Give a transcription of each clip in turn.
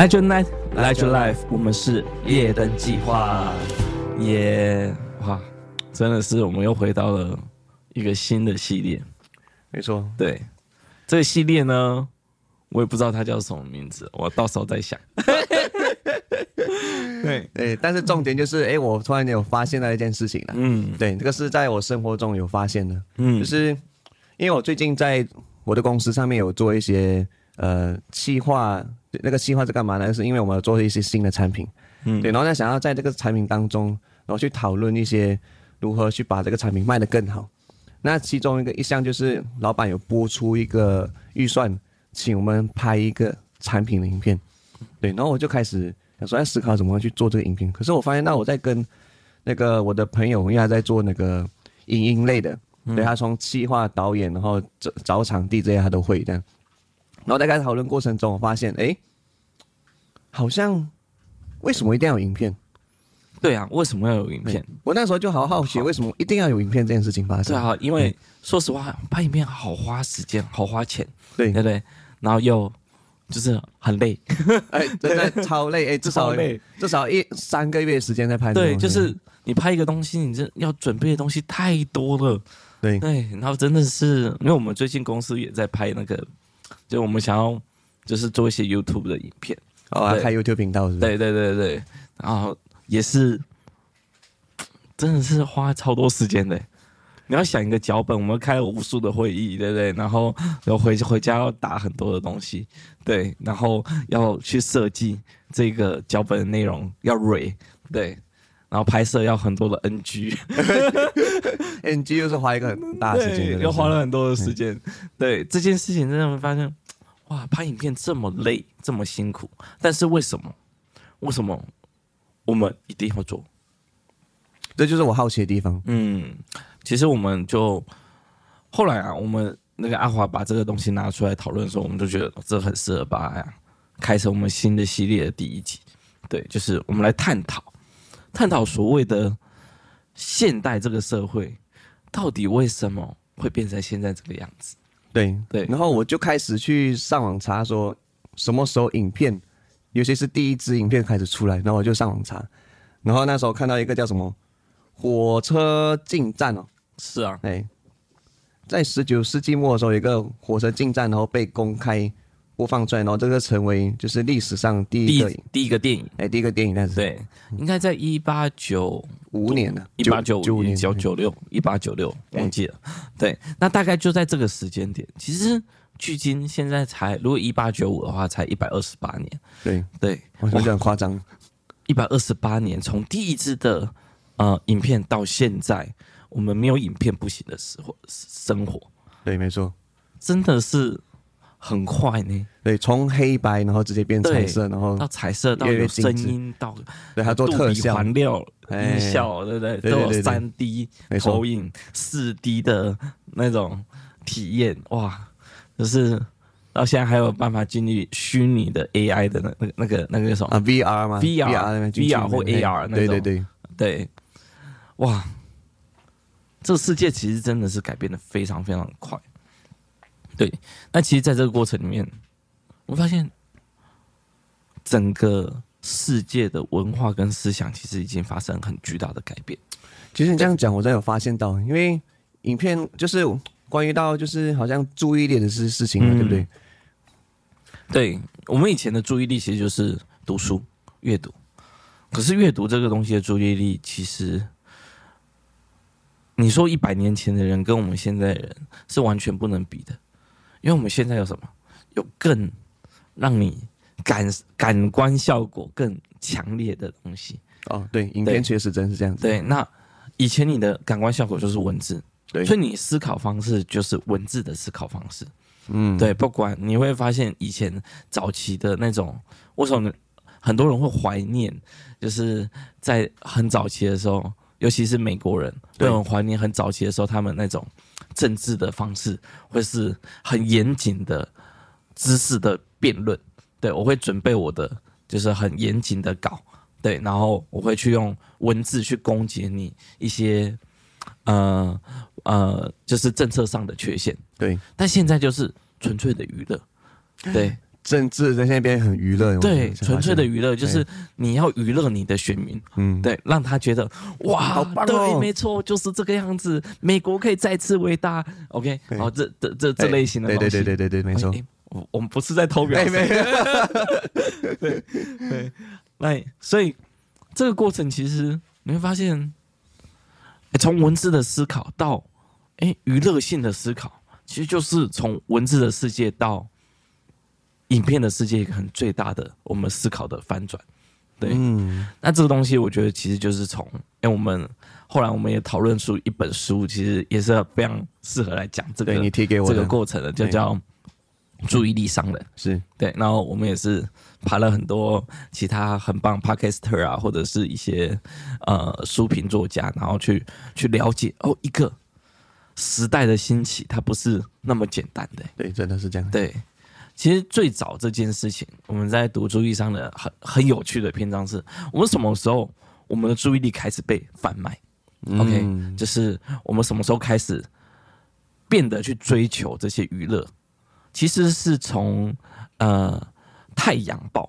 Light your night, light your life，your 我們是夜燈計劃，耶、yeah！哇，真的是我們又回到了一個新的系列，沒錯錯，對這個系列呢，我也不知道它叫什麼名字，我到時候再想。 對對，但是重點就是，哎、欸，我突然間有發現了一件事情了，嗯，對，這個是在我生活中有發現的，嗯，就是因為我最近在我的公司上面有做一些。呃，企劃那個企劃是幹嘛呢？就是因為我們要做一些新的產品，嗯，對，然後呢，想要在這個產品當中，然後去討論一些如何去把這個產品賣得更好。那其中一個一項就是老闆有撥出一個預算，請我們拍一個產品的影片。對，然後我就開始想說要思考怎麼樣去做這個影片。可是我發現，那我在跟那個我的朋友，因為他在做那個影音類的，對，他從企劃、導演，然後找找場地這些，他都會這樣。然後在開始討論過程中，我發現，哎、欸，好像為什麼一定要有影片？對啊，為什麼要有影片？欸、我那時候就好好奇，為什麼一定要有影片這件事情發生？對啊，因為說實話，欸、拍影片好花時間，好花錢，對，對對對？然後又就是很累，哎、欸，真的超累，哎對、欸，至少累，至少一三個月時間在拍影片。對，就是你拍一個東西，你這要準備的東西太多了，對對。然後真的是，因為我們最近公司也在拍那個。就我們想要，就是做一些 YouTube 的影片，開、哦啊、對 YouTube 頻道對對對對對，然後也是，真的是花了超多時間的。你要想一個腳本，我們開了無數的會議，對不對？然後要回回家要打很多的東西，對，然後要去設計這個腳本的內容，要 re，對。然後拍攝要很多的 NG，NG 又是花一個很大的時間對，對又花了很多的時間。嗯、對這件事情，真的會發現哇，拍影片這麼累，這麼辛苦，但是為什麼？為什麼我們一定要做？這就是我好奇的地方。嗯，其實我們就後來啊，我們那個阿華把這個東西拿出來討論的時候，嗯、我們就覺得、哦、這很適合把呀，開始我們新的系列的第一集。對，嗯、就是我們來探討。探討所謂的現代這個社會，到底為什麼會變成現在這個樣子？對對，對然後我就開始去上網查說，說什麼時候影片，尤其是第一支影片開始出來，然後我就上網查，然後那時候看到一個叫什麼“火車進站”哦，是啊，哎，在十九世紀末的時候，有一個火車進站，然後被公開。播放出來，然後這個成為就是歷史上第一個第一個電影，哎，第一個電影，但是對，應該在一八九五年的一八九五九九六一八九六，忘記了。對，那大概就在這個時間點。其實距今現在才，如果一八九五的話，才一百二十八年。對對，有點誇張，一百二十八年從第一支的呃影片到現在，我們沒有影片不行的時候，生活。對，沒錯，真的是。很快呢，對，從黑白，然後直接變彩色，對然後到彩色，到有聲音到環，到對他做特效、音效，對不對？對對對對都有三 D 投影、四錯 D 的那種體驗，哇！就是到現在還有辦法進入虛擬的 AI 的那那個那個叫什麼啊？VR 嗎？VR、VR 或 AR，那種對對對，對哇！這世界其實真的是改變得非常非常快。對，那其實，在這個過程裡面，我發現整個世界的文化跟思想其實已經發生很巨大的改變。其實你這樣講，我真有發現到，因為影片就是關於到就是好像注意力的事事情嘛、啊，嗯、對不對？對，我們以前的注意力其實就是讀書、閱讀，可是閱讀這個東西的注意力，其實你說一百年前的人跟我們現在的人是完全不能比的。因為我們現在有什麼？有更讓你感感官效果更強烈的東西哦，對，影片確實真是這樣子。對，那以前你的感官效果就是文字，對所以你思考方式就是文字的思考方式。嗯，對，不管你會發現以前早期的那種，為什麼很多人會懷念？就是在很早期的時候，尤其是美國人，對會很懷念很早期的時候他們那種。政治的方式會是很嚴謹的知識的辯論，對，我會準備我的就是很嚴謹的稿，對，然後我會去用文字去攻擊你一些呃呃，就是政策上的缺陷，對，但現在就是純粹的娛樂，對。 政治在那邊很娛樂，對，純粹的娛樂就是你要娛樂你的選民，嗯對，對，讓他覺得、嗯、哇，哇哦、對，沒錯，就是這個樣子，美國可以再次偉大，OK，對哦，這這這這類型的東西，對對對對對沒錯、欸欸，我我們不是在偷表 對，對對，那所以這個過程其實你會發現，從、欸、文字的思考到哎娛樂性的思考，其實就是從文字的世界到。影片的世界，可能最大的我們思考的翻轉，對，嗯、那這個東西我覺得其實就是從哎、欸，我們後來我們也討論出一本書，其實也是非常適合來講這個你提給我的這個過程的，就叫注意力商人，對對是對。然後我們也是爬了很多其他很棒 Podcaster 啊，或者是一些呃書評作家，然後去去了解哦，一個時代的興起，它不是那麼簡單的、欸，對，真的是這樣，對。其實最早這件事情，我們在讀注意上的很很有趣的篇章是：我們什麼時候我們的注意力開始被販賣？嗯，OK，就是我們什麼時候開始變得去追求這些娛樂？其實是從呃《太陽報》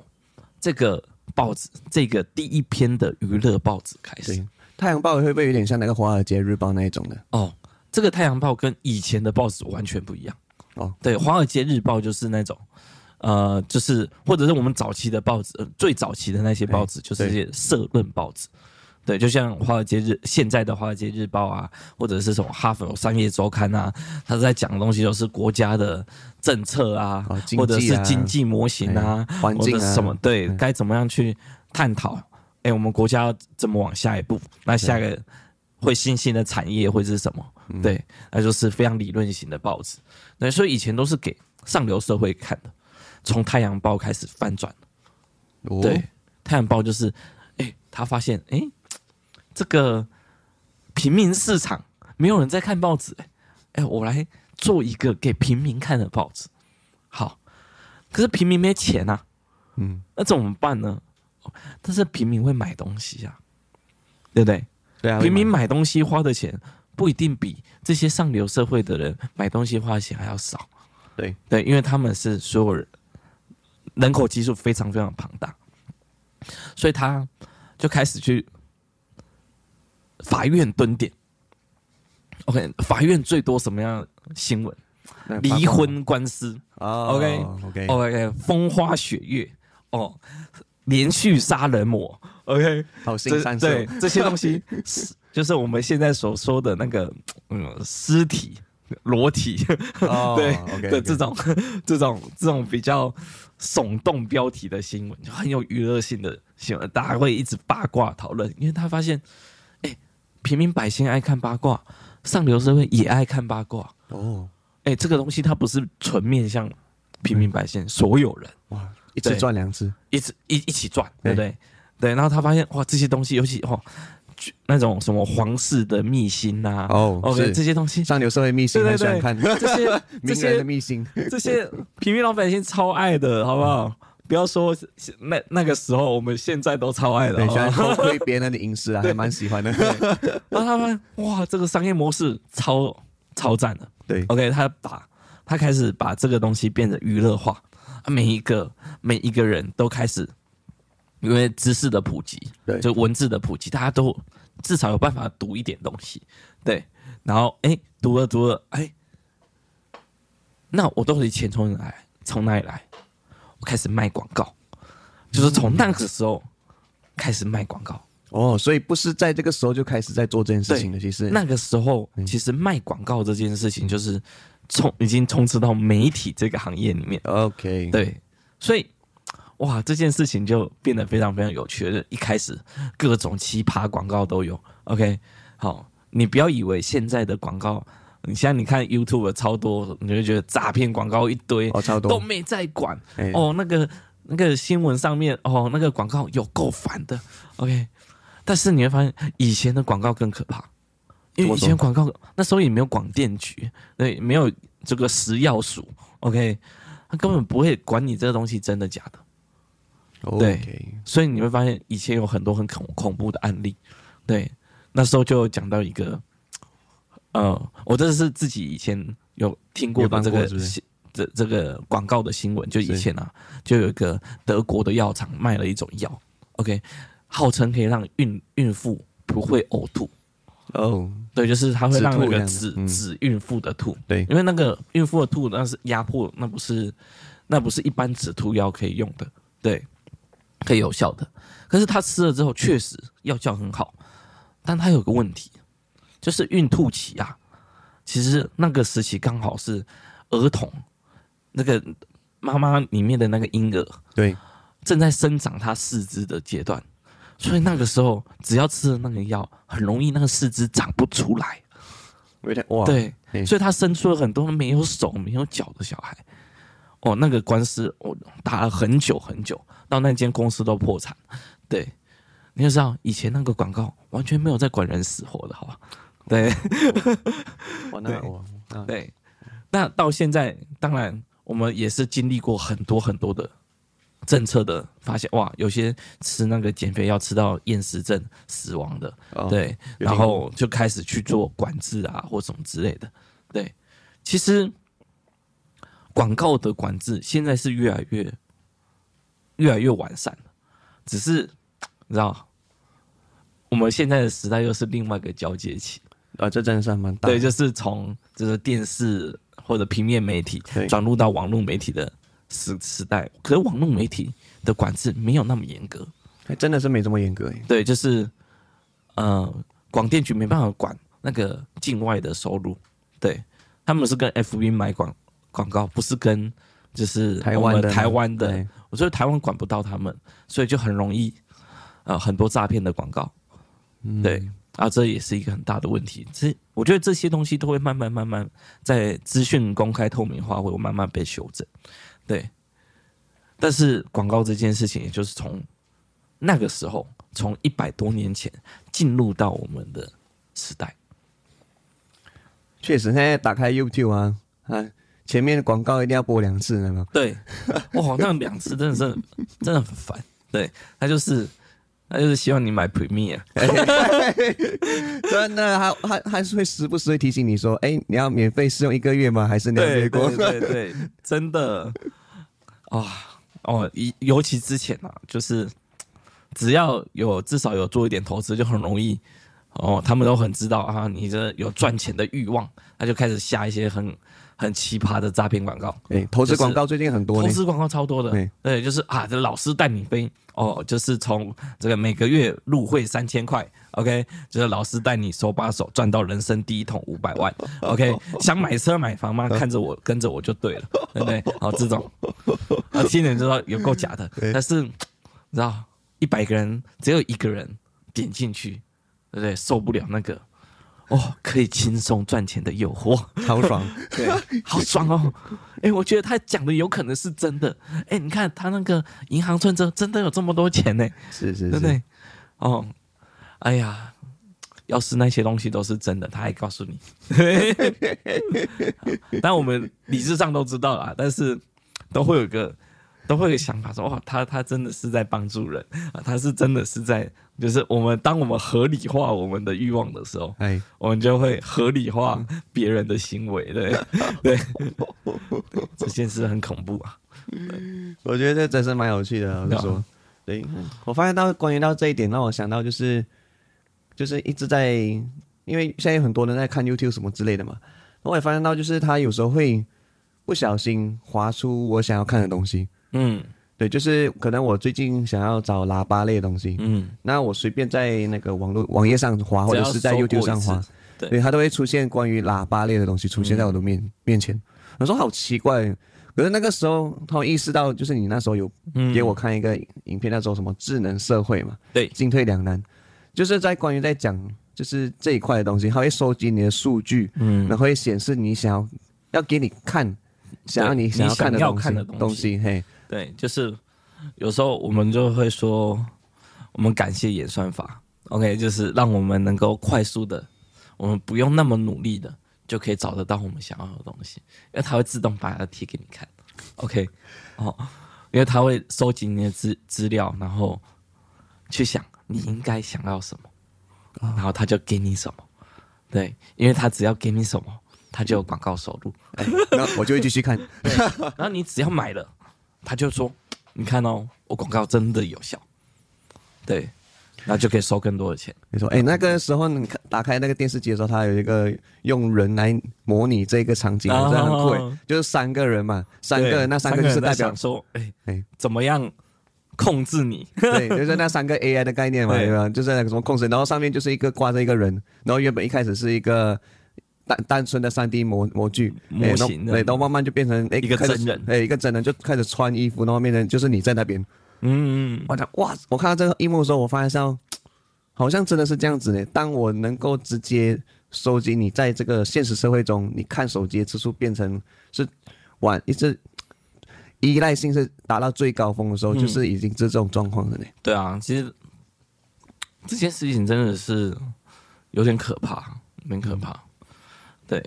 這個報紙這個第一篇的娛樂報紙開始。對，太陽報會不會有點像那個《華爾街日報》那一種的？哦，這個《太陽報》跟以前的報紙完全不一樣。哦，對，《華爾街日報》就是那種，呃，就是或者是我們早期的報紙、呃，最早期的那些報紙就是一些社論報紙。欸、對，對，就像《華爾街日》現在的《華爾街日報》啊，或者是什麼《哈佛商業週刊》啊，他在講的東西都是國家的政策啊，哦、經濟啊，或者是經濟模型啊，欸、環境啊，或者是什麼對，該、欸、怎麼樣去探討？哎、欸，我們國家要怎麼往下一步？那下一個會新興的產業會是什麼？對，那就是非常理論型的報紙。那、嗯、所以以前都是給上流社會看的。從《太陽報》開始翻轉、哦、對，《太陽報》就是、欸，他發現、欸，這個平民市場沒有人在看報紙、欸。哎、欸，我來做一個給平民看的報紙。好，可是平民沒錢啊。嗯，那怎麼辦呢？但是平民會買東西呀、啊，對不對？對啊，平民買東西花的錢。不一定比這些上流社會的人買東西花錢還要少，對對，因為他們是所有人人口基數非常非常龐大，所以他就開始去法院蹲點。OK，法院最多什麼樣的新聞？離婚官司。Oh, OK OK OK，風花雪月。哦，連續殺人魔。OK，好心三歲。對 這些東西是。 就是我們現在所說的那個，嗯，屍體、裸體，oh, 對的 okay, okay. 這種、這種、這種比較聳動標題的新聞，就很有娛樂性的新聞，大家會一直八卦討論。Oh. 因為他發現，哎、欸，平民百姓愛看八卦，上流社會也愛看八卦。哦，哎，這個東西它不是純面向平民百姓，對所有人哇，一直賺兩次一直一一起賺，對不對？對，對，然後他發現，哇，這些東西，尤其哇。哦那種什麼皇室的祕辛吶？哦，OK，這些東西上流社會祕辛很喜歡看這些這些名人的祕辛，這些平民老百姓超愛的，好不好？不要說那那個時候，我們現在都超愛的，好不好？對別人的隱私啊，還蠻喜歡的。然後他們哇，這個商業模式超超讚的，對，OK，他把，他開始把這個東西變得娛樂化，每一個每一個人都開始。因為知識的普及，對，就文字的普及，對大家都至少有辦法讀一點東西，對。然後，哎，讀了讀了，哎，那我都可以錢從哪來？從哪裡來？我開始賣廣告，就是從那個時候開始賣廣告。哦，所以不是在這個時候就開始在做這件事情的，對其實那個時候其實賣廣告這件事情就是充已經充斥到媒體這個行業裡面。OK，對，所以。哇，這件事情就變得非常非常有趣。一開始各種奇葩廣告都有。OK，好，你不要以為現在的廣告，你現在你看 YouTube 超多，你就覺得詐騙廣告一堆，哦，超多都沒在管。嘿哦，那個那個新聞上面，哦，那個廣告有夠煩的。OK，但是你會發現以前的廣告更可怕，因為以前廣告那時候也沒有廣電局，對，沒有這個食藥署。OK，他根本不會管你這個東西真的假的。對，Okay. 所以你會發現以前有很多很恐恐怖的案例。對，那時候就講到一個，呃，我這是自己以前有聽過的這個過是是這這個廣告的新聞，就以前啊，是就有一個德國的藥廠賣了一種藥，OK，號稱可以讓孕孕婦不會嘔吐。呃、哦，對，就是它會讓那個止吐、嗯、止孕婦的吐。對，因為那個孕婦的吐那是壓迫，那不是那不是一般止吐藥可以用的。對。很有效的，可是他吃了之後確實藥效很好，但他有個問題，就是孕吐期啊，其實那個時期剛好是兒童那個媽媽裡面的那個嬰兒，對，正在生長他四肢的階段，所以那個時候只要吃了那個藥，很容易那個四肢長不出來。有點哇！對，所以他生出了很多沒有手沒有腳的小孩。哦，那個官司我、哦、打了很久很久，到那間公司都破產。對，你要知道，以前那個廣告完全沒有在管人死活的，好吧？對，我那我，我，我對，那對到現在，當然我們也是經歷過很多很多的政策的，發現哇，有些吃那個減肥藥吃到厭食症死亡的，哦、對，然後就開始去做管制啊，或什麼之類的。對，其實。廣告的管制現在是越來越越來越完善，了，只是你知道，我們現在的時代又是另外一個交接期啊，這真的算蠻大。對，就是從這個電視或者平面媒體轉入到網絡媒體的時對時代，可是網絡媒體的管制沒有那麼嚴格，欸，真的是沒這麼嚴格，欸。哎，對，就是呃，廣電局沒辦法管那個境外的收入，對，他們是跟 FB 買廣。廣告不是跟就是台灣的台灣的、灣的。對，我覺得台灣管不到他們，所以就很容易、呃、很多詐騙的廣告，嗯、對啊，這也是一個很大的問題。這我覺得這些東西都會慢慢慢慢在資訊公開透明化會慢慢被修正，對。但是廣告這件事情，也就是從那個時候，從一百多年前進入到我們的時代。確實，現在打開 YouTube 啊。啊前面的廣告一定要播兩次，知道嗎、那個？對，我好像兩次，真的是真的很煩。對他就是他就是希望你買 Premiere，、欸欸、真的還還是會時不時會提醒你說，哎、欸，你要免費試用一個月嗎？還是兩個月過？對對，對對，真的啊哦，尤、哦、尤其之前啊，就是只要有至少有做一點投資，就很容易哦，他們都很知道啊，你這有賺錢的欲望，他就開始下一些很。很奇葩的詐騙廣告，對、欸，投資廣告最近很多，就是、投資廣告超多的，欸、對，就是啊，這老師帶你飛，哦，就是從這個每個月入會三千塊，OK，就是老師帶你手把手賺到人生第一桶五百萬，OK， 想買車買房嗎？ 看着我，跟着我就對了， 對不對？哦，這種啊，新人知道有夠假的，欸、但是你知道，一百個人只有一個人點進去，對不對？受不了那個。哦，可以輕鬆賺錢的誘惑，好爽， 對，好爽哦！哎、欸，我覺得他講的有可能是真的。哎、欸，你看他那個銀行存折，真的有這麼多錢呢、欸？是，是是，是。對，對？哦，哎呀，要是那些東西都是真的，他還告訴你， 但我們理智上都知道啊，但是都會有一個。都會有想法說，哇，他他真的是在幫助人啊！他是真的是在，就是我們當我們合理化我們的慾望的時候，哎唉，我們就會合理化別人的行為，對 對，對，這件事很恐怖啊！我覺得這真是蠻有趣的。我跟你說，No. 對，我發現到關於到這一點，讓我想到就是，就是一直在，因為現在有很多人在看 YouTube 什麼之類的嘛，我也發現到，就是他有時候會不小心滑出我想要看的東西。嗯，對，就是可能我最近想要找喇叭類的東西，嗯，那我隨便在那個網絡網頁上滑，或者是在 YouTube 上滑，對，對，它都會出現關於喇叭類的東西出現在我的面、嗯、面前。我說好奇怪，可是那個時候，他會意識到就是你那時候有給我看一個影片，叫做、嗯、什麼智能社會嘛，對，進退兩難，就是在關於在講就是這一塊的東西，他會收集你的數據，嗯，然後會顯示你想要要給你看，想要你想要看的要看的東西，東西嘿。對，就是有時候我們就會說，我們感謝演算法，OK，就是讓我們能夠快速的，我們不用那麼努力的就可以找得到我們想要的東西，因為它會自動把它貼給你看，OK，哦，因為它會收集你的資資料，然後去想你應該想要什麼，然後它就給你什麼，對，因為它只要給你什麼，它就有廣告收入，欸，然後 我就會繼續看，對 然後你只要買了。他就說：“你看哦，我廣告真的有效，對，那就可以收更多的錢。”你說：“哎，那個時候你看，你打開那個電視機的時候，它有一個用人來模擬這個場景，啊、真的很酷，就是三個人嘛，三個人，對那三個就是代表在想說，哎、欸、哎，怎麼樣控制你？ 對，就是那三個 AI 的概念嘛，對吧？就是那個什麼控制，然後上面就是一個掛着一個人，然後原本一開始是一個。”單純的三 D 模模具模型的，欸，對，都慢慢就變成、欸、一個真人，哎、欸，一個真人就開始穿衣服，然後變成就是你在那邊，嗯，嗯，嗯，我的哇，我看到這個一幕的時候，我發現哦，好像真的是這樣子呢、欸。當我能夠直接收集你在這個現實社會中，你看手機的次數變成是晚，哇一直依賴性是達到最高峰的時候，嗯、就是已經是這種狀況了呢、欸。對啊，其實這件事情真的是有點可怕，很可怕。嗯對，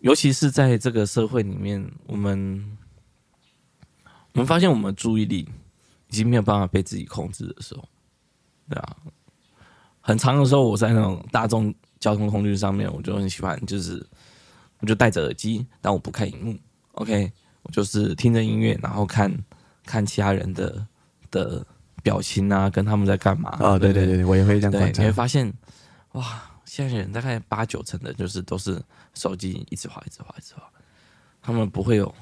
尤其是在這個社會裡面，我們我們發現我們注意力已經沒有辦法被自己控制的時候，對啊，很常的時候我在那種大眾交通工具上面，我就很喜歡，就是我就戴着耳機，但我不看熒幕，OK，我就是聽着音樂，然後看看其他人的的表情啊，跟他們在幹嘛，哦，對對對，對，對對我也會這樣，對，你會發現，哇。現在人大概八九成的，就是都是手機一直滑，一直滑，一直滑，他們不會有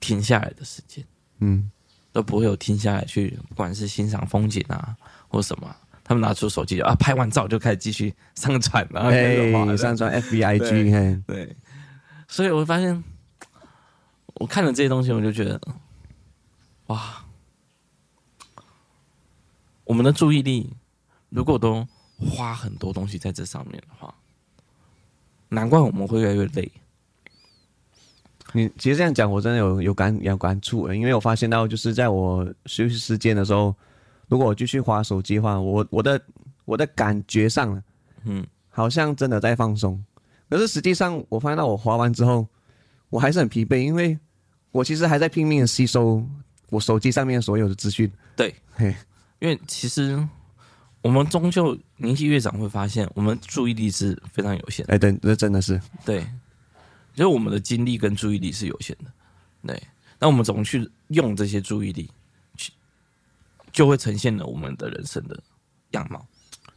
停下來的時間，嗯，都不會有停下來去，不管是欣賞風景啊，或什麼，他們拿出手機啊，拍完照就開始繼續上傳了、啊，哎、欸，上傳 FBIG，哎，對。嘿對，所以我發現，我看了這些東西，我就覺得，哇，我們的注意力如果都。花很多東西在這上面的話，難怪我們會越來越累。你其實這樣講，我真的有有感有感觸，因為我發現到，就是在我休息時間的時候，如果我繼續滑手機的話，我我的我的感覺上，嗯，好像真的在放鬆，嗯、可是實際上，我發現到我滑完之後，我還是很疲憊，因為我其實還在拼命的吸收我手機上面所有的資訊。對，嘿，因為其實。我們終究年紀越長，會發現我們注意力是非常有限。哎、欸，對，這真的是對，就我們的精力跟注意力是有限的。對，那我們怎麼去用這些注意力，去就會呈現了我們的人生的樣貌。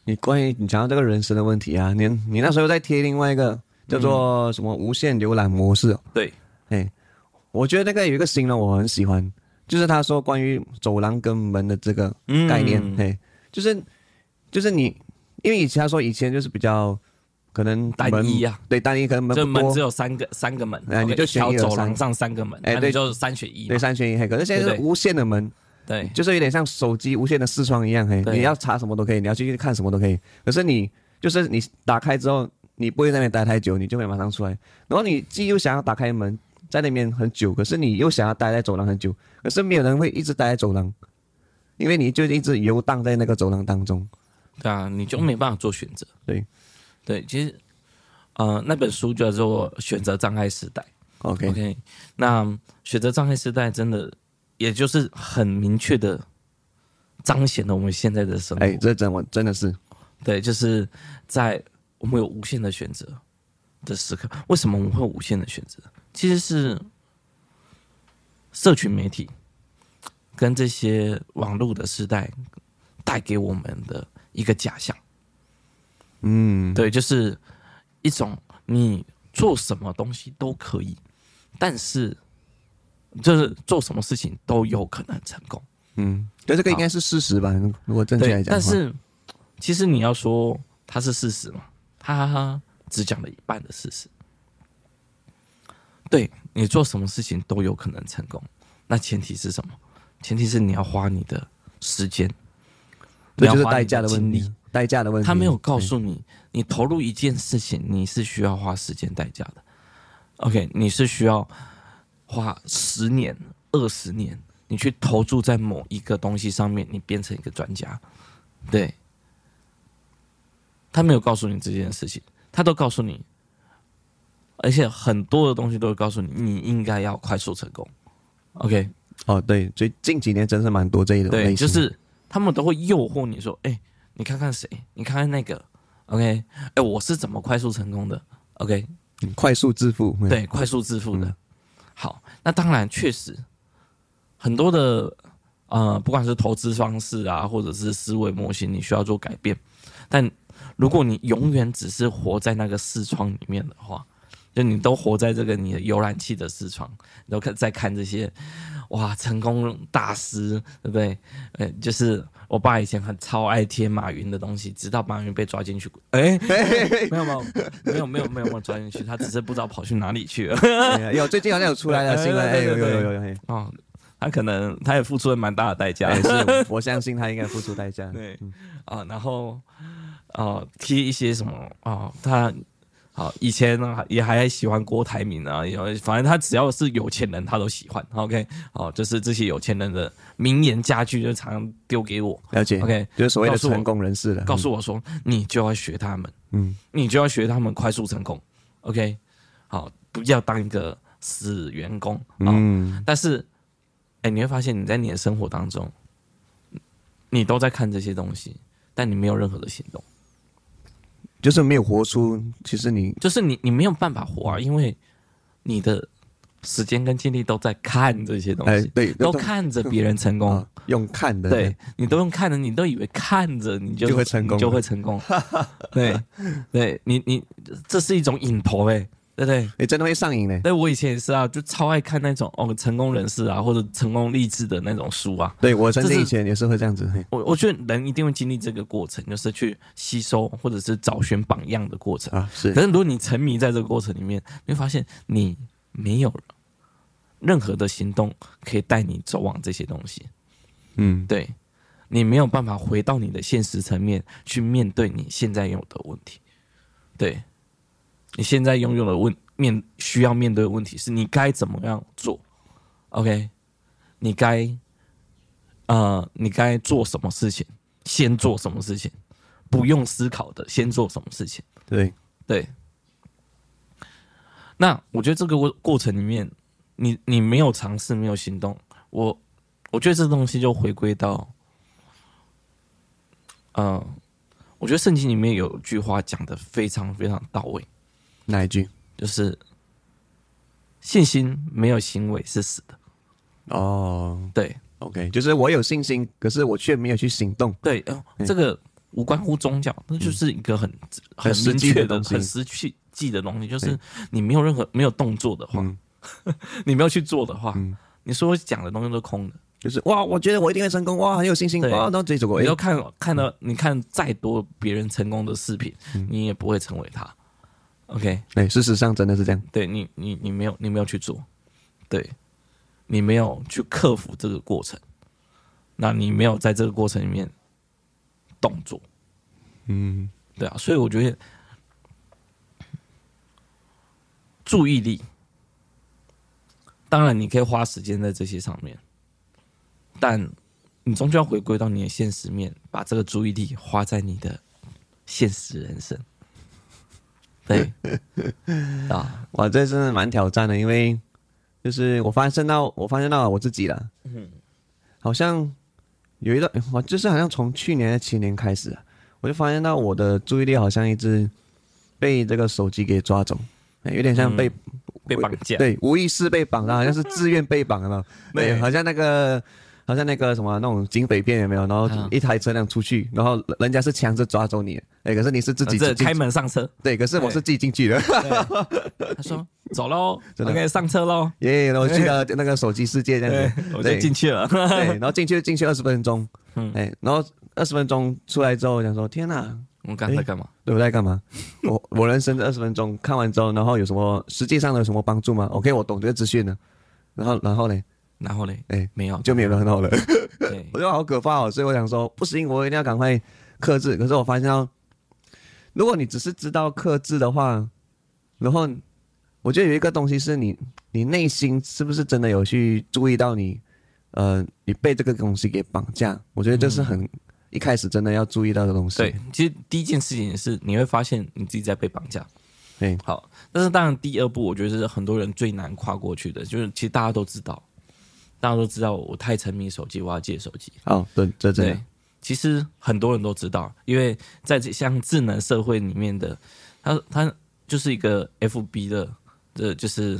你關於你講到這個人生的問題啊，你你那時候在貼另外一個叫做什麼無限瀏覽模式？嗯、對，哎、欸，我覺得那個有一個形容我很喜歡，就是他說關於走廊跟門的這個概念，哎、嗯欸，就是。就是你，因為以前他說以前就是比較可能單一啊，對單一可能門，這門只有三個三個門，哎、啊、你就選走廊上三個門，哎對，那你就是三選一，一，對三選一嘿。可是現在是無限的門，對，對，就是有點像手機無限的視窗一樣嘿。對，你要查什麼都可以，你要進去看什麼都可以。啊、可是你就是你打開之後，你不會在那邊待太久，你就會馬上出來。然後你既又想要打開門在那邊很久，可是你又想要待在走廊很久，可是沒有人會一直待在走廊，因為你就一直遊蕩在那個走廊當中。對啊，你就沒辦法做選擇。對，對，其實，呃，那本書叫做《選擇障礙時代》。Okay. OK，那選擇障礙時代真的，也就是很明確的彰顯了我們現在的生活。哎、欸，這整晚真的是，對，就是在我們有無限的選擇的時刻，為什麼我們會有無限的選擇？其實是社群媒體跟這些網絡的時代帶給我們的。一個假象，嗯，對，就是一種你做什麼東西都可以，但是就是做什麼事情都有可能成功，嗯，對，這個應該是事實吧？啊、如果正確來講，但是其實你要說它是事實嘛，哈哈哈，只講了一半的事實。對你做什麼事情都有可能成功，那前提是什麼？前提是你要花你的時間。這就是代價的問題，代價的問題。他沒有告訴你，對你投入一件事情，你是需要花時間代價的。OK，你是需要花十年、二十年，你去投注在某一個東西上面，你變成一個專家。對，他沒有告訴你這件事情，他都告訴你，而且很多的東西都會告訴你，你應該要快速成功。OK，哦，對，所以近幾年真的是蠻多這一種的對就是。他們都會誘惑你說：“哎、欸，你看看誰？你看看那個，OK？哎、欸，我是怎麼快速成功的？OK，快速致富？對，嗯、快速致富的。好，那當然確實很多的，啊、呃，不管是投資方式啊，或者是思維模型，你需要做改變。但如果你永遠只是活在那個視窗裡面的話，就你都活在這個你的瀏覽器的視窗，然後看再看這些。”哇，成功大師，對不對？呃，就是我爸以前很超愛貼馬雲的東西，直到馬雲被抓進去。哎，沒有沒有 沒有，沒有，沒有沒有，被抓進去，他只是不知道跑去哪裡去了。有，最近好像有出來的新聞。有， 有，有，有，有。哦，他可能他也付出了蠻大的代價，是我相信他應該付出代價。代價對，啊、嗯呃，然後，哦、呃，貼一些什麼？哦、呃，他。好，以前呢也還喜歡郭台銘啊，也反正他只要是有錢人，他都喜歡。OK，好，就是這些有錢人的名言佳句，就常常丟給我。了解，OK，就是所謂的成功人士的，嗯、告訴我說，你就要學他們，嗯，你就要學他們快速成功。OK，好，不要當一個死員工。嗯，但是，哎、欸，你會發現你在你的生活當中，你都在看這些東西，但你沒有任何的行動。就是沒有活出，其實你就是你，你沒有辦法活啊，因為，你的時間跟精力都在看這些東西，欸、對，都看着別人成功、嗯，用看的，對你都用看的，你都以為看着你，你就會成功，就會成功，對，對你，你這是一種癮頭，誒、欸。對對，你、欸、真的會上癮呢。但我以前也是啊，就超愛看那種哦，成功人士啊，或者成功勵志的那種書啊。對，我曾經以前也是會這樣子。我我覺得人一定會經歷這個過程，就是去吸收或者是找尋榜樣的過程啊。是。可是如果你沉迷在這個過程裡面，你會發現你沒有任何的行動可以帶你走往這些東西。嗯，對。你沒有辦法回到你的現實層面去面對你現在有的問題。對。你現在擁有的問面需要面對的問題是你該怎麼樣做？OK，你該，呃，你該做什麼事情？先做什麼事情？不用思考的，先做什麼事情？對對。那我覺得這個過過程裡面，你你沒有嘗試，沒有行動，我我覺得這東西就回歸到，嗯、呃，我覺得聖經裡面有句話講的非常非常到位。那一句就是信心沒有行為是死的哦。對，OK，就是我有信心，可是我卻沒有去行動。對，這個無關乎宗教，那就是一個很很實際的、很實際的東西。就是你沒有任何沒有動作的話，你沒有去做的話，你說講的東西都是空的。就是哇，我覺得我一定會成功，哇，很有信心，哇，那結果你要看看到，你看再多別人成功的視頻，你也不會成為他。OK，對、欸，事實上真的是這樣。對你，你，你沒有，你沒有去做，對，你沒有去克服這個過程，那你沒有在這個過程裡面動作，嗯，對啊，所以我覺得注意力，當然你可以花時間在這些上面，但你終究要回歸到你的現實面，把這個注意力花在你的現實人生。對，啊、 哦，我這是蠻挑戰的，因為就是我發現到，我發現到我自己了，嗯哼，好像有一段，我就是好像從去年的前年開始，我就發現到我的注意力好像一直被這個手機給抓走，有點像被，嗯、我被綁架，對，無意識被綁的，好像是自願被綁的，沒有，好像那個。好像那個什麼，那種警匪片有沒有？然後一台車輛出去，然後人家是強制抓走你，哎，可是你是自己自己開門上車。對，可是我是自己進去的。他說走嘍，OK 上車嘍。耶，然後去到那個手機世界這樣子，我就進去了。然後進去進去二十分鐘，哎，然後二十分鐘出來之後，我想說天哪，我剛才在幹嘛？對，我在幹嘛？我我人生二十分鐘看完之後，然後有什麼實際上的有什麼幫助嗎？OK，我懂這個資訊了。然後然後呢？然後嘞，哎、欸，沒有，就沒有了，很好了。對 我覺得好可怕哦，所以我想說，不行，我一定要趕快克制。可是我發現到，如果你只是知道克制的話，然後我覺得有一個東西是你，你內心是不是真的有去注意到你？呃，你被這個東西給綁架。我覺得這是很、嗯、一開始真的要注意到的東西。對，其實第一件事情是你會發現你自己在被綁架。哎對，好，但是當然，第二步我覺得是很多人最難跨過去的，就是其實大家都知道。大家都知道我，我太沉迷手機，我要戒手機。哦，對，就這樣。其實很多人都知道，因為在這像智能社會裡面的，他他就是一個 F B 的，的就是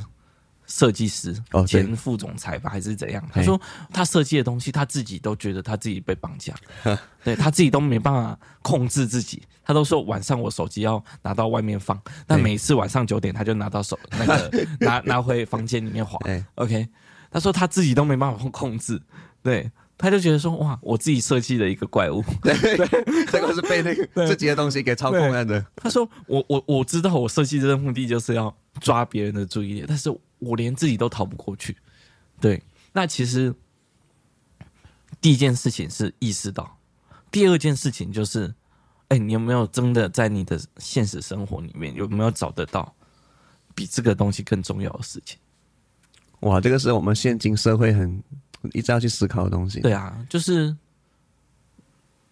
設計師，哦、前副總裁吧還是怎樣？他說他設計的東西，他自己都覺得他自己被綁架，哎、對他自己都沒辦法控制自己。他都說晚上我手機要拿到外面放，但每一次晚上九點他就拿到手，哎、那個拿拿回房間裡面滑。哎、OK。他說他自己都沒辦法控控制，對，他就覺得說哇，我自己設計的一個怪物，對，這個 對是被那個自己的東西給操控了的。他說我我我知道我設計這個目的就是要抓別人的注意力，但是我連自己都逃不過去。對，那其實第一件事情是意識到，第二件事情就是，哎、欸，你有沒有真的在你的現實生活裡面有沒有找得到比這個東西更重要的事情？哇，這個是我們現今社會很一直要去思考的東西。對啊，就是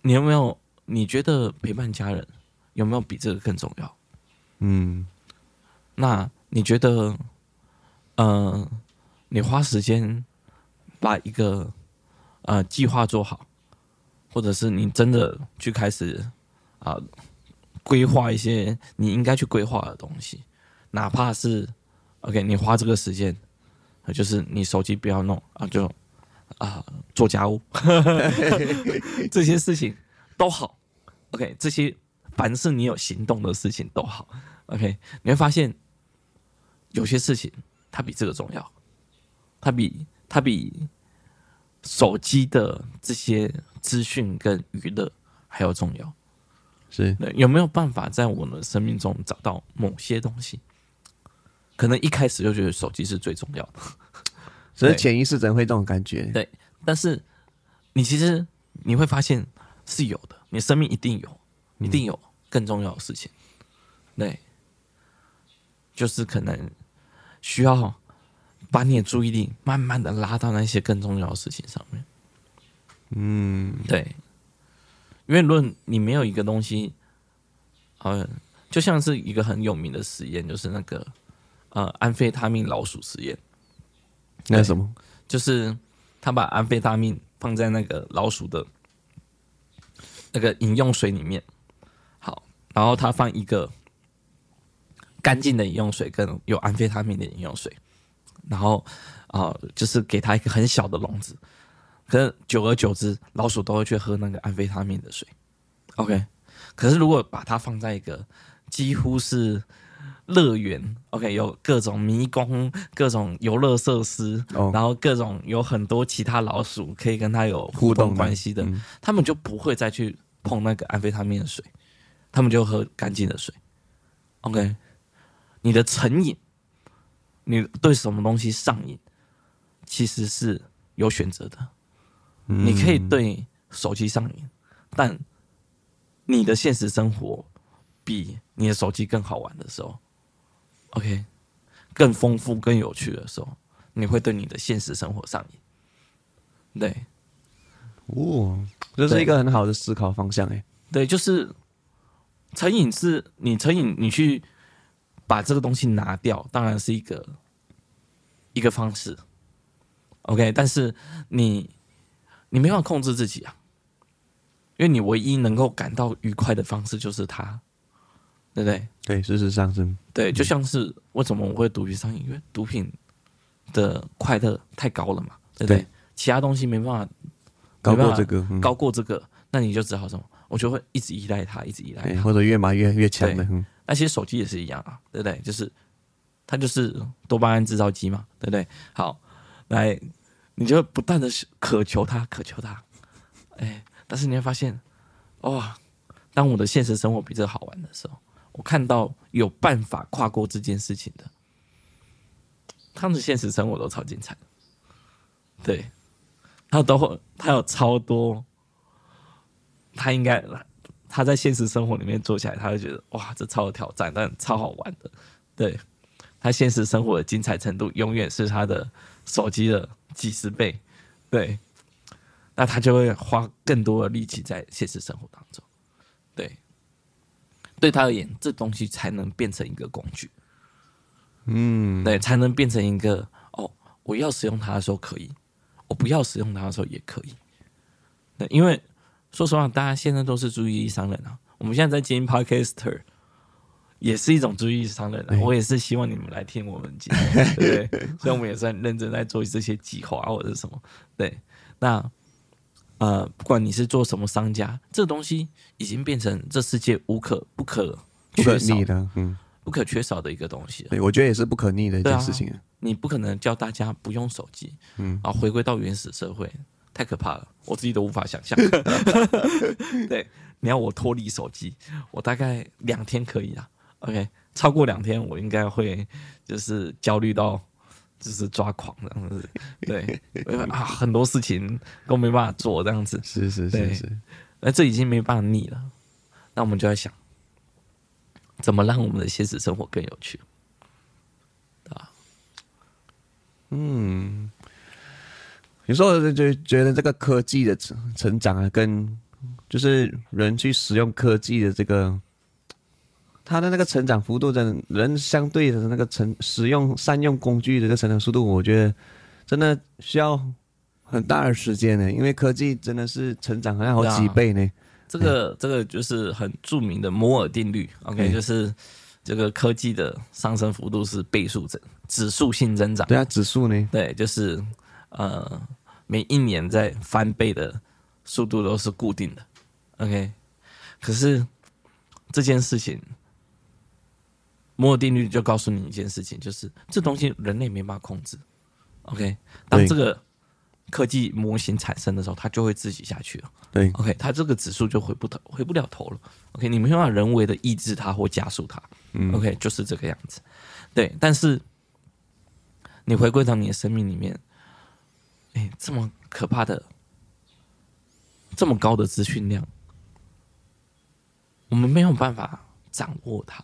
你有沒有，你覺得陪伴家人有沒有比這個更重要？嗯，那你覺得，嗯、呃，你花時間把一個呃計劃做好，或者是你真的去開始啊、呃、規劃一些你應該去規劃的東西，哪怕是 OK，你花這個時間。就是你手機不要弄啊，就啊做家務 這些事情都好，OK，這些凡是你有行動的事情都好，OK，你會發現有些事情它比這個重要，它比它比手機的這些資訊跟娛樂還要重要，是，有沒有辦法在我們的生命中找到某些東西？可能一開始就覺得手機是最重要的，所以潛意識怎麼會這種感覺，對？對，但是你其實你會發現是有的，你生命一定有，一定有更重要的事情。嗯、對，就是可能需要把你的注意力慢慢的拉到那些更重要的事情上面。嗯，對，因為論你沒有一個東西，好像、呃、就像是一個很有名的實驗，就是那個。呃，安非他命老鼠實驗，那是什麼？就是他把安非他命放在那個老鼠的，那個飲用水裡面。好，然後他放一個乾淨的飲用水跟有安非他命的飲用水，然後啊、呃，就是給他一個很小的籠子，可是久而久之，老鼠都會去喝那個安非他命的水。OK，可是如果把它放在一個幾乎是……樂園，OK，有各種迷宮，各種遊樂設施，哦、然後各種有很多其他老鼠可以跟他有互動關係的，啊嗯、他們就不會再去碰那個安非他命的水，他們就喝乾淨的水。OK，你的成癮，你對什麼東西上癮，其實是有選擇的。嗯、你可以對手機上癮，但你的現實生活比你的手機更好玩的時候，OK，更豐富、更有趣的時候，你會對你的現實生活上癮。對，哇、哦，這是一個很好的思考方向哎。對，就是成癮是你成癮，你去把這個東西拿掉，當然是一個一個方式。OK，但是你你沒辦法控制自己啊，因為你唯一能夠感到愉快的方式就是它。對不對？對，事實上是。對，就像是為什麼我會毒品上癮？因為、嗯、毒品的快樂太高了嘛，對不對？對其他東西沒辦、這個、沒辦法高過這個，高過這個，那你就只好什麼？我就會一直依賴它，一直依賴它，嗯，或者越買越越強的。那對、嗯、其實手機也是一樣啊，對不對？就是它就是多巴胺製造機嘛，對不對？好，來，你就不斷的渴求它，渴求它。哎，但是你會發現，哇，當我的現實生活比這個好玩的時候。我看到有辦法跨過這件事情的他們的現實生活都超精彩。對，他都會，他有超多，他應該他在現實生活裡面做起來，他會覺得哇，這超有挑戰，但超好玩的。對，他現實生活的精彩程度永遠是他的手機的幾十倍。對，那他就會花更多的力氣在現實生活當中。對他而言，這東西才能變成一個工具，嗯，對，才能變成一個哦，我要使用它的時候可以，我不要使用它的時候也可以。對，因為說實話，大家現在都是注意力商人啊。我們現在在經營 Podcaster，也是一種注意力商人啊。對我也是希望你們來聽我們講，對不對？ 所以我們也算認真在做這些計劃或者什麼。對，那。呃，不管你是做什麼商家，這個、東西已經變成這世界無可不可缺少的，不可逆的，嗯，不可缺少的一個東西。對，我覺得也是不可逆的一件事情、啊啊。你不可能叫大家不用手機，嗯，啊，回歸到原始社會，太可怕了，我自己都無法想象。 對，你要我脫離手機，我大概兩天可以啊。OK，超過兩天我應該會就是焦慮到。就是抓狂這樣子，對 啊，很多事情都沒辦法做這樣子。是是是是，對，那，是這已經沒辦法逆了。那我們就在想，怎麼讓我們的現實生活更有趣啊？嗯，有時候就覺覺得這個科技的成成長啊，跟就是人去使用科技的這個。他的那個成長幅度真的，人相對的那個成使用善用工具的這個成長速度，我覺得真的需要很大的時間呢。因為科技真的是成長，好像好幾倍呢、啊。這個這個就是很著名的摩爾定律。哎、OK，就是這個科技的上升幅度是倍數增，指數性增長。對啊，指數呢？對，就是呃，每一年在翻倍的速度都是固定的。OK，可是這件事情。摩爾定律就告訴你一件事情，就是這東西人類沒辦法控制。OK，當這個科技模型產生的時候，對它就會自己下去了。對，OK，它這個指數就回不頭，回不了頭了。OK，你沒有辦法人為的抑制它或加速它。嗯、OK，就是這個樣子。對，但是你回歸到你的生命裡面，哎、欸，這麼可怕的，這麼高的資訊量，我們沒有辦法掌握它。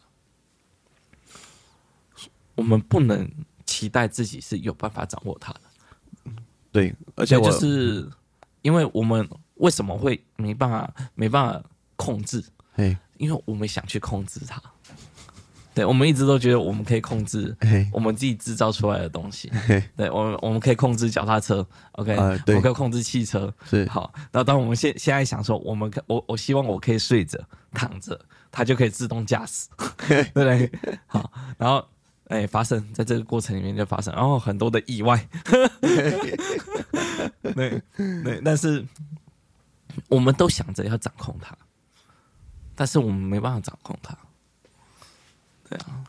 我們不能期待自己是有辦法掌握它的，對，而且就是因為我們為什麼會沒辦法沒辦法控制？嘿因為我們想去控制它。對，我們一直都覺得我們可以控制我們自己制造出來的東西。嘿對，我們我們可以控制腳踏車，OK，、呃、我可以控制汽車。對是，好，那當我們現現在想說我，我們我我希望我可以睡着躺着，它就可以自動駕駛，嘿嘿 對不對？好，然後。哎、欸，發生在這個過程裡面就發生，然、哦、後很多的意外 對。對，對，但是我們都想着要掌控它，但是我們沒辦法掌控它。對、啊、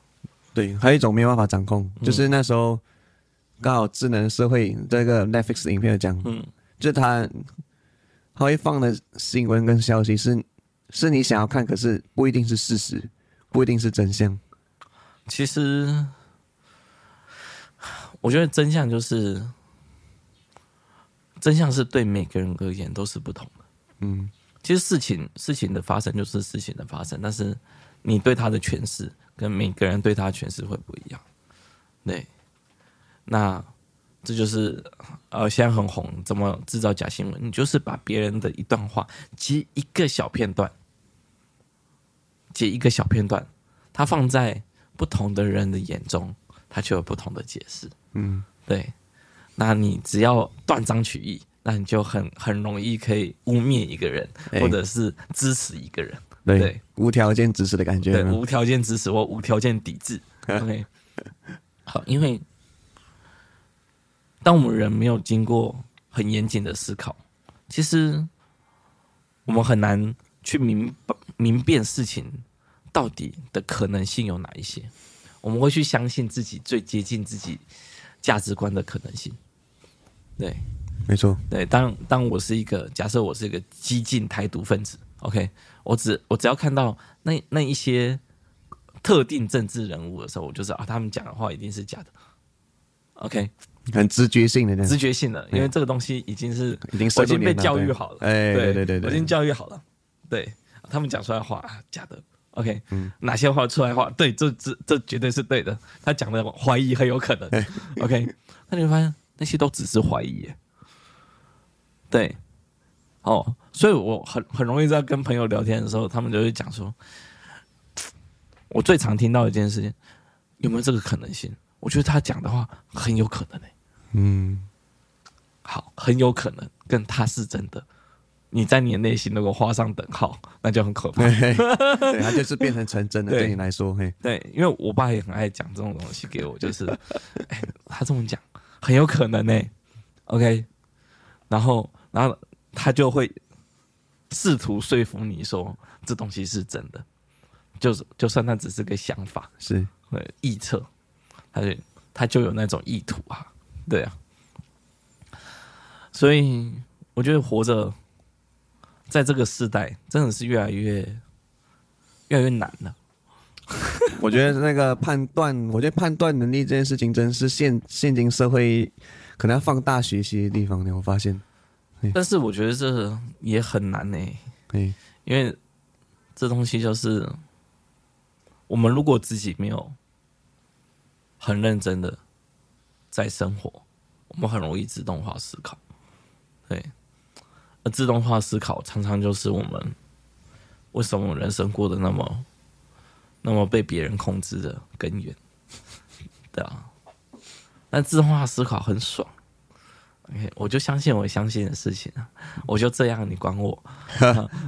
對，還有一種沒有辦法掌控，嗯、就是那時候剛好智能社會這個 Netflix 影片有講，嗯，就他他會放的新聞跟消息是，是你想要看，可是不一定是事實，不一定是真相。其實，我覺得真相就是，真相是對每個人而言都是不同的。嗯，其實事情事情的發生就是事情的發生，但是你對他的詮釋跟每個人對他的詮釋會不一樣。對，那這就是呃，現在很紅，怎麼制造假新聞？你就是把別人的一段話，截一個小片段，截一個小片段，它放在。不同的人的眼中，他就有不同的解釋。嗯，對。那你只要斷章取義，那你就很很容易可以污衊一個人，欸、或者是支持一個人。對，無條件支持的感覺。對，無條件支持或無條件抵制。 ok。好，因為當我們人沒有經過很嚴謹的思考，其實我們很難去明明辨事情。到底的可能性有哪一些？我們會去相信自己最接近自己價值觀的可能性。對，沒錯。對，當當我是一個假設，我是一個激進台獨分子。OK，我只我只要看到那那一些特定政治人物的時候，我就知道，啊，他們講的話一定是假的。OK，很直覺性的，直覺性的，因為這個東西已經是已經被教育好了。哎，對對對，我已經被教育好了。對，他們講出來的話，啊，假的。OK，嗯，哪些話出來話？對，這這這絕對是對的。他講的懷疑很有可能。OK，那你會發現那些都只是懷疑耶。對，哦，所以我很很容易在跟朋友聊天的時候，他們就會講說，我最常聽到一件事情，有沒有這個可能性？我覺得他講的話很有可能耶。嗯，好，很有可能，跟他是真的。你在你的內心如果畫上等號，那就很可怕。 對，他就是變成成真的， 對，對你來說，對，對，因為我爸也很愛講這種東西給我，就是， 欸、他這麼講，很有可能呢、欸。OK，然後，然後他就會試圖說服你說這東西是真的，就是，就算他只是個想法，是，臆測，他就，他就有那種意圖啊，對啊，所以我覺得活着。在這個時代，真的是越來越越來越難了。 我覺得那個判斷，我覺得判斷能力這件事情，真是現現今社會可能要放大學習的地方呢。你有發現，但是我覺得這也很難呢、欸。對因為這東西就是我們如果自己沒有很認真的在生活，我們很容易自動化思考，對。自動化思考常常就是我們為什麼人生過得那麼那麼被別人控制的根源，對啊。但自動化思考很爽，OK，我就相信我相信的事情啊， 我就這樣，你管我，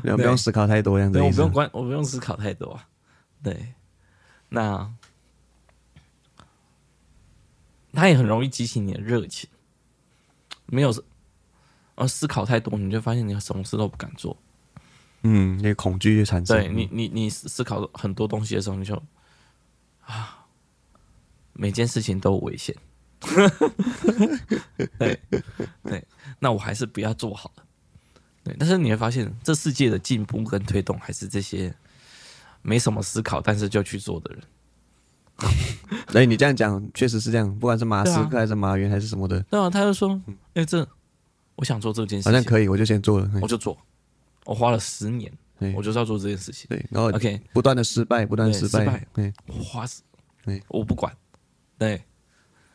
你不用思考太多，這樣子，我不用管，我不用思考太多樣子，我不用管，我不用思考太多對。那他也很容易激起你的熱情，沒有。呃、啊，思考太多，你就發現你什麼事都不敢做。嗯，那個、恐懼產生。對你，你你思考很多東西的時候，你就啊，每件事情都危險。 對，那我還是不要做好了。對，但是你會發現，這世界的進步跟推動還是這些沒什麼思考，但是就去做的人。所以、 欸、你這樣講確實是這樣。不管是馬斯克還是馬雲還是什麼的。對、啊，對啊，他就說，哎、欸、這。我想做這件事情，好像可以，我就先做了，我就做。我花了十年，嘿我就是要做這件事情。對，然後 OK，不斷的失敗，不斷的失敗。對，我不管。對，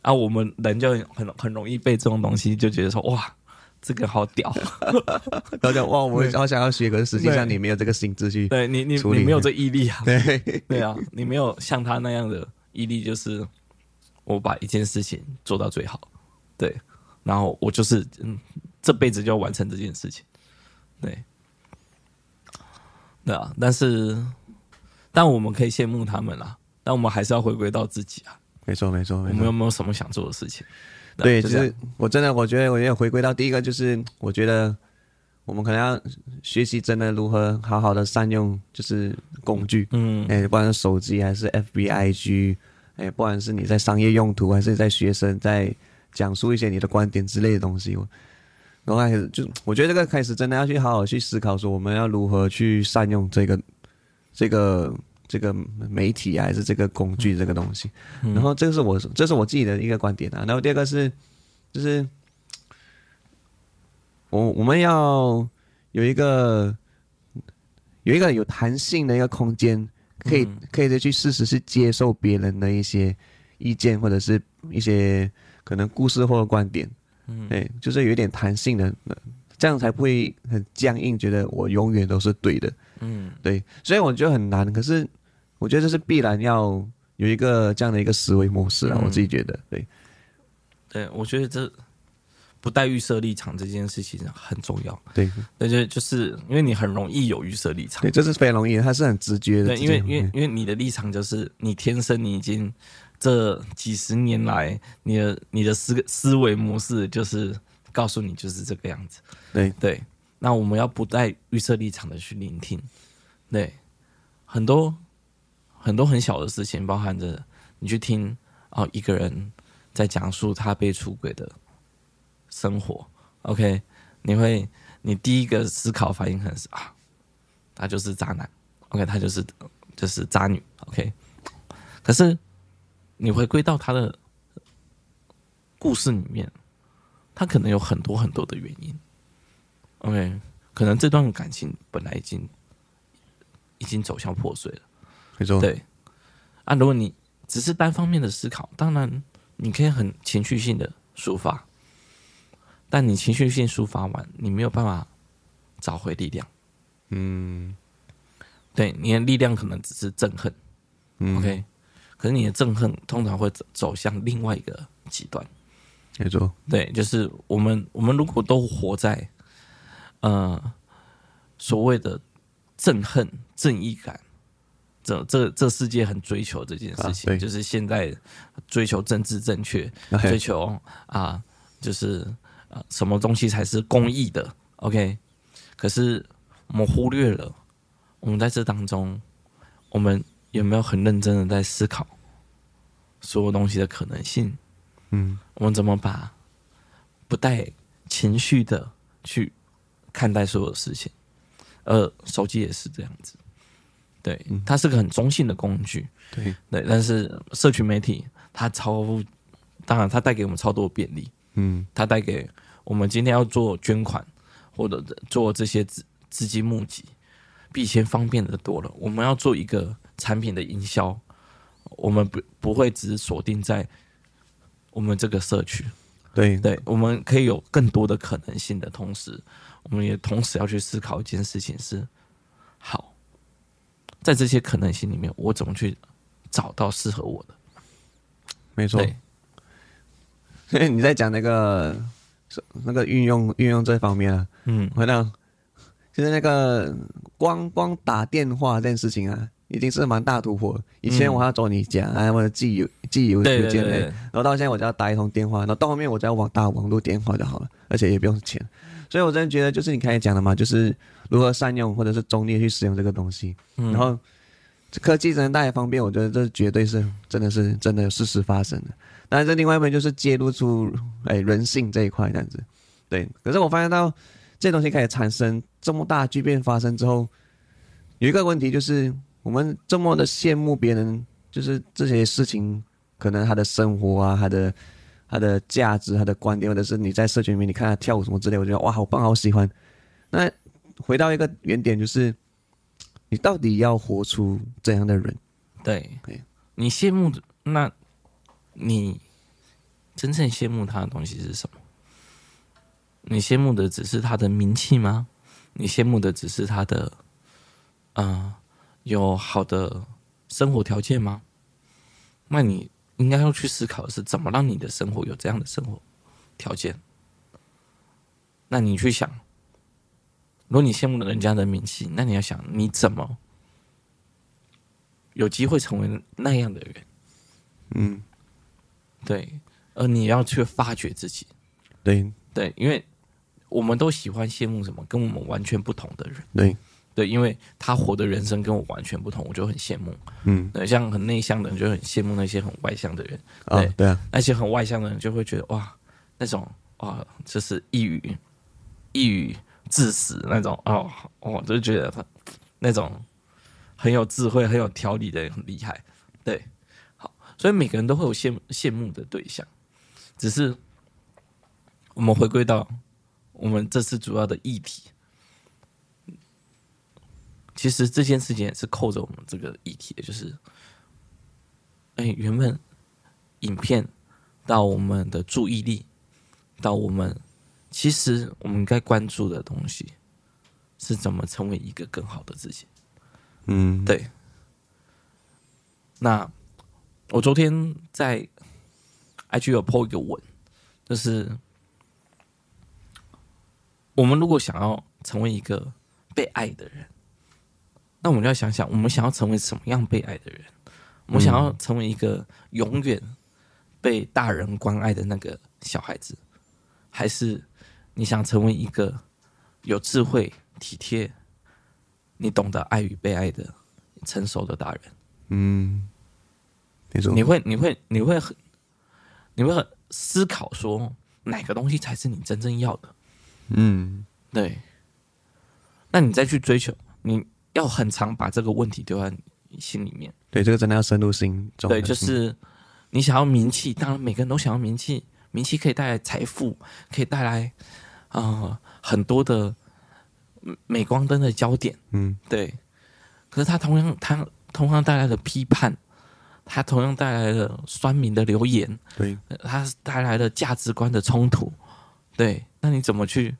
啊，我們人就很很容易被這種東西就覺得說，哇，這個好屌， 大家哇，我好想要學，對可是實際上你沒有這個心智去，對你，你你沒有這毅力啊，對對啊，你沒有像他那樣的毅力，就是我把一件事情做到最好。對，然後我就是嗯。這輩子就要完成這件事情，對，對啊。但是，但我們可以羨慕他們啊。但我們還是要回歸到自己啊。沒錯，沒錯。沒錯。我們有沒有什麼想做的事情？對、啊，對就，就是我真的，我覺得我得回歸到第一個，就是我覺得我們可能要學習真的如何好好的善用，就是工具，嗯，哎，不管是手機還是 FBIG，哎，不管是你在商業用途還是你在學生在講述一些你的觀點之類的東西，剛開始就，我覺得這個開始真的要去好好去思考，說我們要如何去善用這個、這個、這個媒體、啊、還是這個工具這個東西。嗯、然後這個是我這是我自己的一個觀點啊。然後第二個是，就是我我們要有一個有一個有彈性的一個空間，可以可以去試試去接受別人的一些意見或者是一些可能故事或者觀點。嗯，對，就是有點彈性的，這樣才不會很僵硬，覺得我永遠都是對的。嗯，對，所以我覺得很難，可是我覺得這是必然要有一個這樣的一個思維模式啊，嗯、我自己覺得，對，對，我覺得這不帶預設立場這件事情很重要。對，而且就是因為你很容易有預設立場，對，這、就是非常容易的，它是很直覺的，對，因為直覺，因為因為你的立場就是你天生你已經，這幾十年來，你的你的思思維模式就是告訴你就是這個樣子。對對，那我們要不帶預設立場的去聆聽。對，很多很多很小的事情，包含着你去聽哦，一個人在講述他被出軌的生活。OK，你會你第一個思考反應可能是啊，他就是渣男。OK，他就是就是渣女。OK，可是。你回歸到他的故事裡面，他可能有很多很多的原因，OK，可能這段感情本來已經已經走向破碎了，沒錯。對，啊，如果你只是單方面的思考，當然你可以很情緒性的抒發，但你情緒性抒發完，你沒有辦法找回力量，嗯，對，你的力量可能只是憎恨，嗯，OK。可是你的憎恨通常會走,走向另外一個極端，沒錯錯，對，就是我們，我們如果都活在，呃，所謂的憎恨正義感，這這這世界很追求這件事情，啊、就是現在追求政治正確，Okay 追求啊、呃，就是、呃、什麼東西才是公益的？OK，可是我們忽略了，我們在這當中，我們。有沒有很認真的在思考所有東西的可能性？嗯，我們怎麼把不帶情緒的去看待所有的事情？呃，手機也是這樣子，對，它是個很中性的工具，對，對。但是社群媒體它超，當然它帶給我們超多便利，嗯，它帶給我們今天要做捐款或者做這些資資金募集，比以前方便的多了。我們要做一個產品的營銷，我們不不會只鎖定在我們這個社區，對對，我們可以有更多的可能性的同時，我們也同時要去思考一件事情是好，在這些可能性裡面，我怎麼去找到適合我的？沒錯，所以你在講那個那個運用運用這方面啊，嗯，回到就是那個光光打電話這件事情啊，已經是蠻大突破了。以前我要走你家，哎、嗯，記憶記憶寄郵件嘞，對對對對，然後到現在我只要打一通電話，然後到後面我只要網打網絡電話就好了，而且也不用錢。所以我真的覺得，就是你剛才講的嘛，就是如何善用或者是中立去使用這個東西。嗯、然後科技真的帶來方便，我覺得這絕對是真的是真的是事實發生的。但是另外一邊就是揭露出哎人性這一塊這樣子。對，可是我發現到這些東西開始產生這麼大巨變發生之後，有一個問題就是。我們這麼的羨慕別人，就是這些事情，可能他的生活啊，他的他的價值，他的觀點，或者是你在社群裡面你看他跳舞什麼之類，我覺得哇，好棒，好喜歡。那回到一個原點，就是你到底要活出怎樣的人？對，你羨慕的，那你真正羨慕他的東西是什麼？你羨慕的只是他的名氣嗎？你羨慕的只是他的，啊、呃。有好的生活條件嗎？那你應該要去思考的是怎麼讓你的生活有這樣的生活條件。那你去想，如果你羨慕人家的名氣，那你要想你怎麼有機會成為那樣的人。嗯，對，而你也要去發掘自己。對對，因為我們都喜歡羨慕什麼跟我們完全不同的人。對。對，因為他活的人生跟我完全不同，我就很羨慕。嗯，對，像很內向的人就很羨慕那些很外向的人。對，哦、對啊，那些很外向的人就會覺得哇，那種啊，就是抑鬱、抑鬱致死那種。哦，我、就是哦哦、就覺得他那種很有智慧、很有條理的人很厲害。對，好，所以每個人都會有羨羨慕的對象，只是我們回歸到我們這次主要的議題。其實這件事情也是扣着我們這個議題的，就是，哎、欸，原本影片到我們的注意力，到我們其實我們該關注的東西，是怎麼成為一個更好的自己？嗯，對。那我昨天在 IG 有 Po 一個文，就是我們如果想要成為一個被愛的人。那我們就要想想，我們想要成為什麼樣被愛的人？我們想要成為一個永遠被大人關愛的那個小孩子，還是你想成為一個有智慧、體貼、你懂得愛與被愛的成熟的大人？嗯，你,你會，你會，你會很，你會思考，說哪個東西才是你真正要的？嗯，對。那你再去追求你。要很常把這個問題丟在你心裡面，對這個真的要深入心中心。對，就是你想要名氣，當然每個人都想要名氣，名氣可以帶來財富，可以帶來啊、呃、很多的鎂光燈的焦點，嗯，對。可是它同樣，它同樣帶來了批判，它同樣帶來了酸民的留言，對，它帶、呃、來了價值觀的衝突，對。那你怎麼去？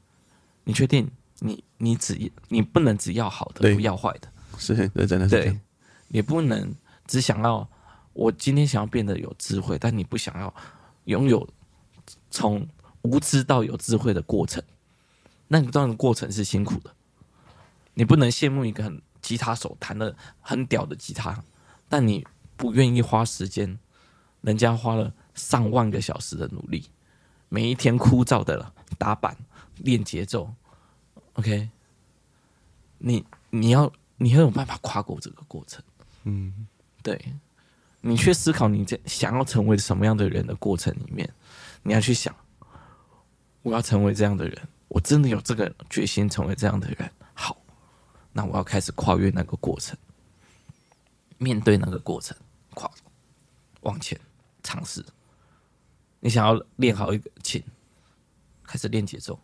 你確定你？你只你不能只要好的對不要壞的。是這真的是對，也不能只想要我今天想要變得有智慧，但你不想要擁有從無知到有智慧的過程，那段、個、過程是辛苦的。你不能羨慕一個很吉他手彈得很屌的吉他，但你不願意花時間，人家花了上萬個小時的努力，每一天枯燥的打板練節奏。OK，你你要你很有辦法跨過這個過程，嗯，對，你去思考你這想要成為什麼樣的人的過程裡面，你要去想，我要成為這樣的人，我真的有這個決心成為這樣的人。好，那我要開始跨越那個過程，面對那個過程，跨，往前嘗試。你想要練好一個琴，開始練節奏，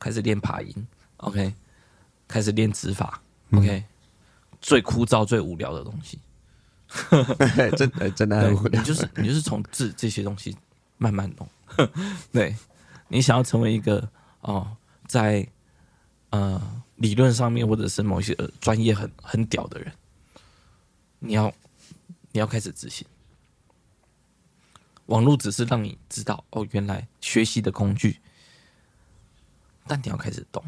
開始練爬音。OK，開始練指法。OK，、嗯、最枯燥、最無聊的東西， 真的真的很無聊，你就是你就是從這這些東西慢慢弄。 對，你想要成為一個哦，在呃理論上面或者是某些專業很很屌的人，你要你要開始執行。網絡只是讓你知道哦，原來學習的工具，但你要開始懂。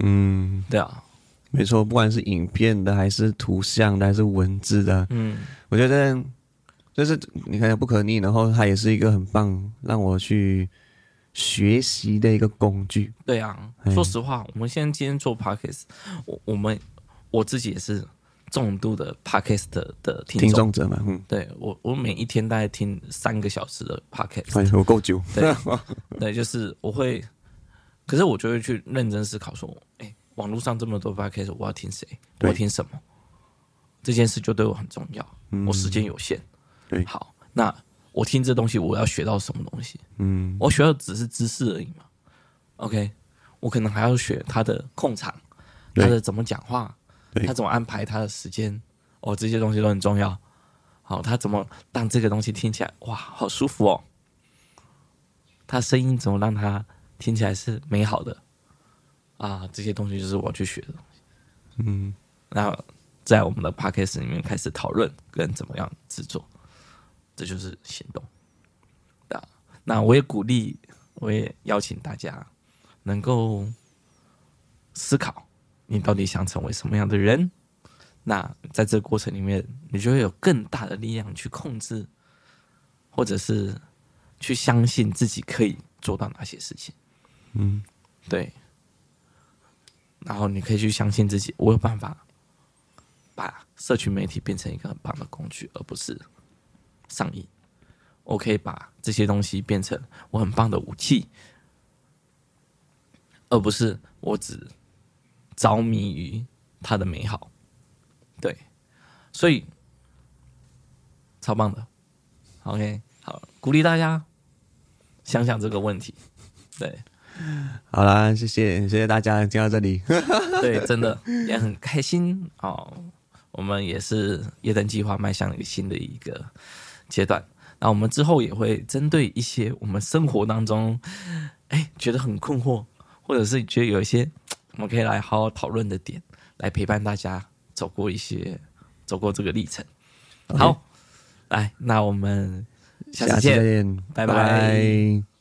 嗯，對啊，沒錯，不管是影片的，還是圖像的，還是文字的，嗯，我覺得就是你看不可逆，然後它也是一個很棒讓我去學習的一個工具。對啊，嗯，說實話，我們現在今天做 Podcast，我我們我自己也是重度的 Podcast 的，的聽，眾聽眾者嘛，嗯，對我我每一天大概聽三個小時的 Podcast，哎，我夠久，對， 對，就是我會。可是我就會去認真思考說，哎，網絡上這麼多 v o c a s 我要聽誰？對我要聽什麼？這件事就對我很重要。嗯、我時間有限，對好，那我聽這東西，我要學到什麼東西？嗯，我學到只是知識而已嘛。OK，我可能還要學他的控場，對他的怎麼講話，對他怎麼安排他的時間，哦，這些東西都很重要。好，他怎麼讓這個東西聽起來哇，好舒服哦？他聲音怎麼讓他？聽起來是美好的啊！這些東西就是我要去學的東西。嗯，那在我們的 podcast 裡面開始討論，跟怎麼樣製作，這就是行動。那、啊、那我也鼓勵，我也邀請大家能夠思考，你到底想成為什麼樣的人？那在這個過程裡面，你就會有更大的力量去控制，或者是去相信自己可以做到哪些事情。嗯，對。然後你可以去相信自己，我有辦法把社群媒體變成一個很棒的工具，而不是上癮。我可以把這些東西變成我很棒的武器，而不是我只着迷於它的美好。對，所以超棒的。OK，好，鼓勵大家想想這個問題。對。好啦，謝謝，謝謝大家聽到這裡， 對，真的也很開心哦。我們也是夜燈計劃邁向一個新的一個階段，那我們之後也會針對一些我們生活當中，哎、欸，覺得很困惑，或者是覺得有一些我們可以來好好討論的點，來陪伴大家走過一些走過這個歷程。Okay. 好，來，那我們下次見，下次再見，拜拜。